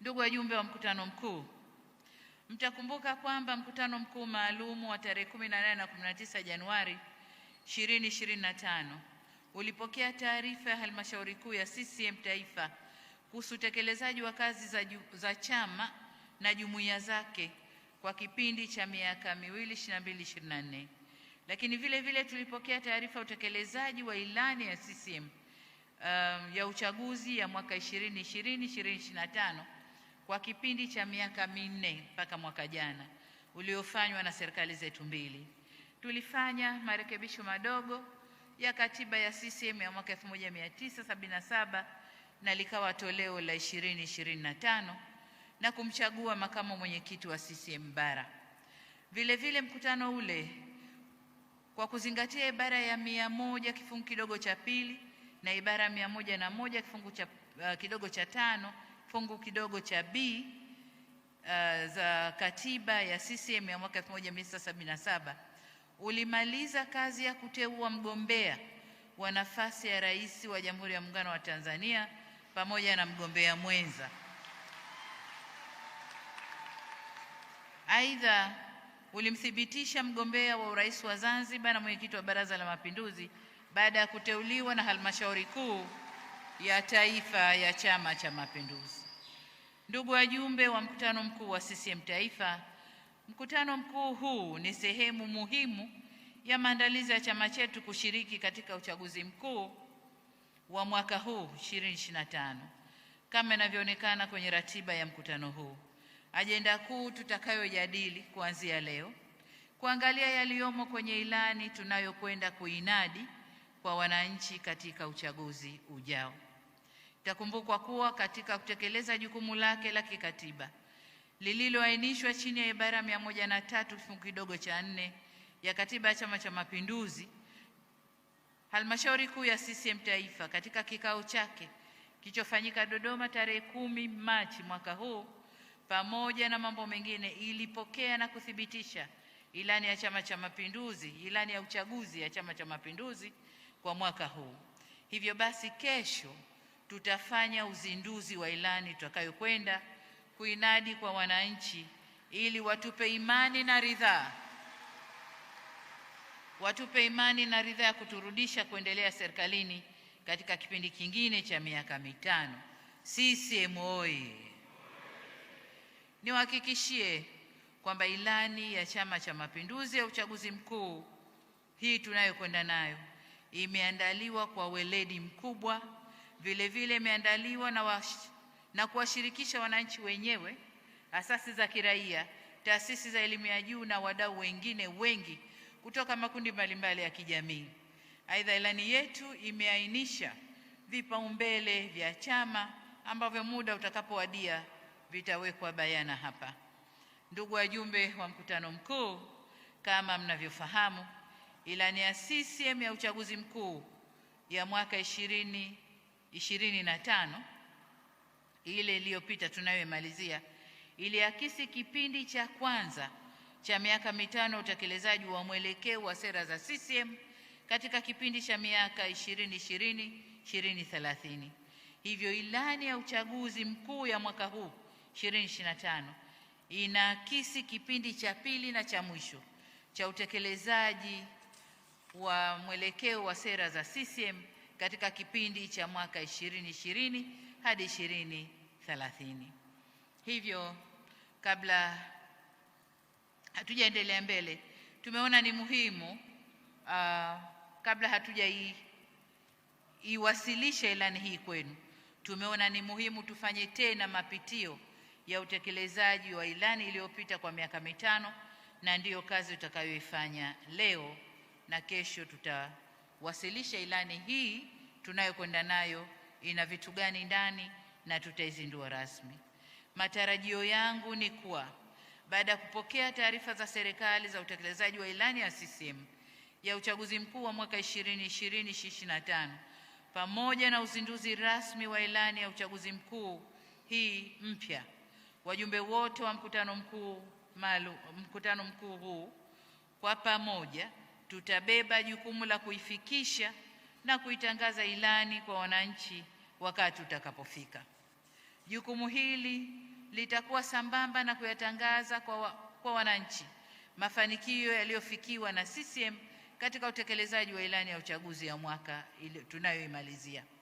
Ndugu wajumbe wa mkutano mkuu, mtakumbuka kwamba mkutano mkuu maalumu wa tarehe 18 na 19 Januari 2025 ulipokea taarifa ya halmashauri kuu ya CCM Taifa kuhusu utekelezaji wa kazi za, za chama na jumuiya zake kwa kipindi cha miaka miwili 22 24, lakini vile vile tulipokea taarifa ya utekelezaji wa ilani ya CCM um, ya uchaguzi ya mwaka 2020 2025 kwa kipindi cha miaka minne mpaka mwaka jana uliofanywa na serikali zetu mbili. Tulifanya marekebisho madogo ya katiba ya CCM ya mwaka 1977 na likawa toleo la 2025 na kumchagua makamu mwenyekiti wa CCM Bara. Vile vile mkutano ule kwa kuzingatia ibara ya mia moja kifungu kidogo cha pili na ibara ya mia moja na moja kifungu cha, uh, kidogo cha tano fungu kidogo cha B uh, za katiba ya CCM ya mwaka 1977 ulimaliza kazi ya kuteua mgombea wa nafasi ya rais wa Jamhuri ya Muungano wa Tanzania pamoja na mgombea mwenza. Aidha, ulimthibitisha mgombea wa urais wa Zanzibar na mwenyekiti wa Baraza la Mapinduzi baada ya kuteuliwa na halmashauri kuu ya Taifa ya Chama cha Mapinduzi. Ndugu wajumbe wa mkutano mkuu wa CCM Taifa, mkutano mkuu huu ni sehemu muhimu ya maandalizi ya chama chetu kushiriki katika uchaguzi mkuu wa mwaka huu 2025 kama inavyoonekana kwenye ratiba ya mkutano huu. Ajenda kuu tutakayojadili kuanzia leo, kuangalia yaliyomo kwenye ilani tunayokwenda kuinadi kwa wananchi katika uchaguzi ujao. Itakumbukwa kuwa katika kutekeleza jukumu lake la kikatiba lililoainishwa chini ya ibara mia moja na tatu kifungu kidogo cha nne ya katiba ya Chama cha Mapinduzi, halmashauri kuu ya CCM Taifa katika kikao chake kilichofanyika Dodoma tarehe kumi Machi mwaka huu, pamoja na mambo mengine, ilipokea na kuthibitisha ilani ya Chama cha Mapinduzi, ilani ya uchaguzi ya Chama cha Mapinduzi kwa mwaka huu. Hivyo basi kesho tutafanya uzinduzi wa ilani tutakayokwenda kuinadi kwa wananchi ili watupe imani na ridhaa, watupe imani na ridhaa ya kuturudisha kuendelea serikalini katika kipindi kingine cha miaka mitano. CCM oye Niwahakikishie kwamba ilani ya Chama cha Mapinduzi ya uchaguzi mkuu hii tunayokwenda nayo imeandaliwa kwa weledi mkubwa vilevile imeandaliwa na, na kuwashirikisha wananchi wenyewe, asasi za kiraia, taasisi za elimu ya juu na wadau wengine wengi kutoka makundi mbalimbali ya kijamii. Aidha, ilani yetu imeainisha vipaumbele vya chama ambavyo muda utakapowadia vitawekwa bayana hapa. Ndugu wajumbe wa mkutano mkuu, kama mnavyofahamu, ilani ya CCM ya uchaguzi mkuu ya mwaka ishirini ishirini na tano ile iliyopita tunayoimalizia iliakisi kipindi cha kwanza cha miaka mitano utekelezaji wa mwelekeo wa sera za CCM katika kipindi cha miaka 2020 2030. Hivyo ilani ya uchaguzi mkuu ya mwaka huu 2025 inaakisi kipindi cha pili na cha mwisho cha utekelezaji wa mwelekeo wa sera za CCM katika kipindi cha mwaka 2020 hadi 2030. Hivyo, kabla hatujaendelea mbele, tumeona ni muhimu uh, kabla hatujaiwasilisha ilani hii kwenu, tumeona ni muhimu tufanye tena mapitio ya utekelezaji wa ilani iliyopita kwa miaka mitano, na ndiyo kazi utakayoifanya leo na kesho tuta wasilisha ilani hii tunayokwenda nayo ina vitu gani ndani na tutaizindua rasmi. Matarajio yangu ni kuwa baada ya kupokea taarifa za serikali za utekelezaji wa ilani ya CCM ya uchaguzi mkuu wa mwaka 2020 2025 pamoja na uzinduzi rasmi wa ilani ya uchaguzi mkuu hii mpya, wajumbe wote wa mkutano mkuu maalum, mkutano mkuu huu kwa pamoja tutabeba jukumu la kuifikisha na kuitangaza ilani kwa wananchi wakati utakapofika. Jukumu hili litakuwa sambamba na kuyatangaza kwa, wa, kwa wananchi mafanikio yaliyofikiwa na CCM katika utekelezaji wa ilani ya uchaguzi ya mwaka tunayoimalizia.